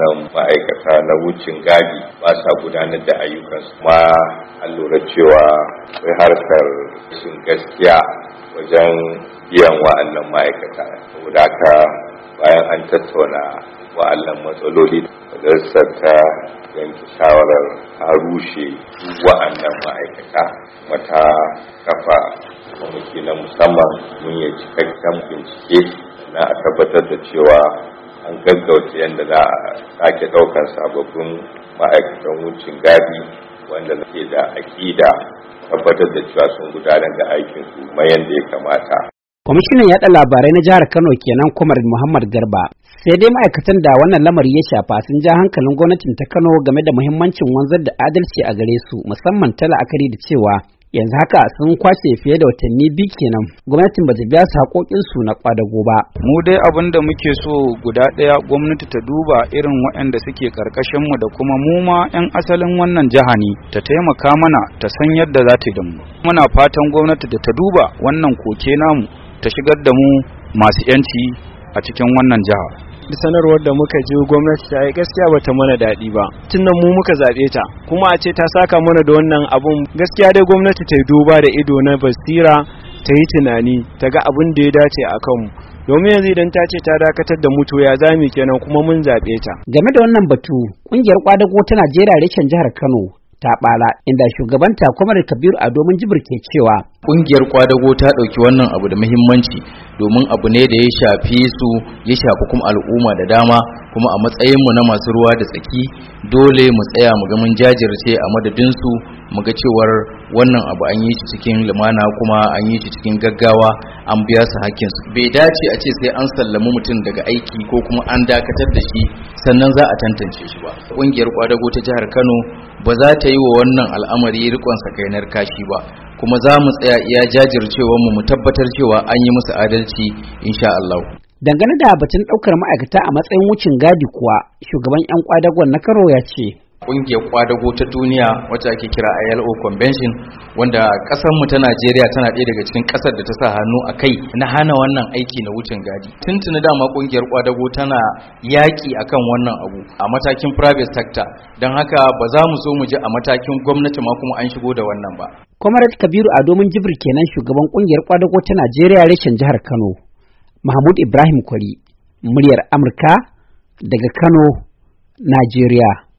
waɗannan ma'aikata na wucin gadi ba sa gudanar da ayyukansu kuma an lura cewa akwai harkar sun gaskiya wajen biyan wa'annan ma'aikata saboda haka bayan an tattauna wa'annan matsaloli majalisar ta yanke shawarar a rushe wa'annan ma'aikata mata kafa kwamiti na musamman mun yi cikakken bincike na a tabbatar da cewa an gaggauta yadda za a sake ɗaukar sababbin ma'aikatan wucin gadi wanda ke da aƙida tabbatar da cewa sun gudanar da aikin su mayan da ya kamata. Kwamishinan yaɗa labarai na jihar Kano kenan Kumar Muhammad Garba sai dai ma'aikatan da wannan lamari ya shafa sun ja hankalin gwamnatin ta Kano game da muhimmancin wanzar da adalci a gare su musamman ta la'akari da cewa yanzu haka sun kwashe fiye da watanni biyu kenan gwamnatin ba ta biya su haƙoƙin su na kwadago ba mu dai abin da muke so guda ɗaya gwamnati ta duba irin waɗanda suke karkashin mu da kuma mu ma 'yan asalin wannan jiha ne ta taimaka mana ta san yadda za ta yi da mu muna fatan gwamnati da ta duba wannan koke namu ta shigar da mu masu 'yanci a cikin wannan jiha sanarwar da muka ji gwamnati ta yi gaskiya bata mana daɗi ba tun nan mu muka zaɓe ta kuma a ce ta saka mana da wannan abun gaskiya dai gwamnati ta yi duba da ido na basira ta yi tunani ta ga abin da ya dace a kanmu domin yanzu idan ta ce ta dakatar da mutu ya zami kenan kuma mun zaɓe ta game da wannan batu ƙungiyar kwadago ta najeriya reshen jihar kano ta bala inda shugabanta kwamar kabiru a domin jibir ke cewa kungiyar kwadago ta ɗauki wannan abu da muhimmanci domin abu ne da ya shafi su ya shafi kuma al'umma da dama kuma a matsayinmu na masu ruwa da tsaki dole mu tsaya mu ga mun jajirce a madadinsu mu ga cewar wannan abu an yi shi cikin lumana kuma an yi shi cikin gaggawa an biya su hakkin su. bai dace a ce sai an sallami mutum daga aiki ko kuma an dakatar da shi sannan za a tantance shi ba ƙungiyar kwadago ta jihar kano ba za ta yi wa wannan al'amari rikon sakainar kashi ba kuma za mu tsaya iya jajircewa mu mu tabbatar cewa an yi musu adalci insha Allah dangane da batun daukar ma'aikata a matsayin wucin gadi kuwa shugaban yan kwadagon na karo ya ce kungiyar kwadago ta duniya wacce ake kira ILO convention wanda kasar mu ta Najeriya tana ɗaya daga cikin kasar da ta sa hannu a kai na hana wannan aiki na wucin gadi tuntuni dama kungiyar kwadago tana yaki akan wannan abu a matakin private sector don haka ba za mu so mu ji a matakin gwamnati ma kuma an shigo da wannan ba Comrade Kabiru a domin Jibril kenan shugaban kungiyar kwadago ta Najeriya reshen jihar Kano Mahmud Ibrahim Kwari muryar Amurka daga Kano Najeriya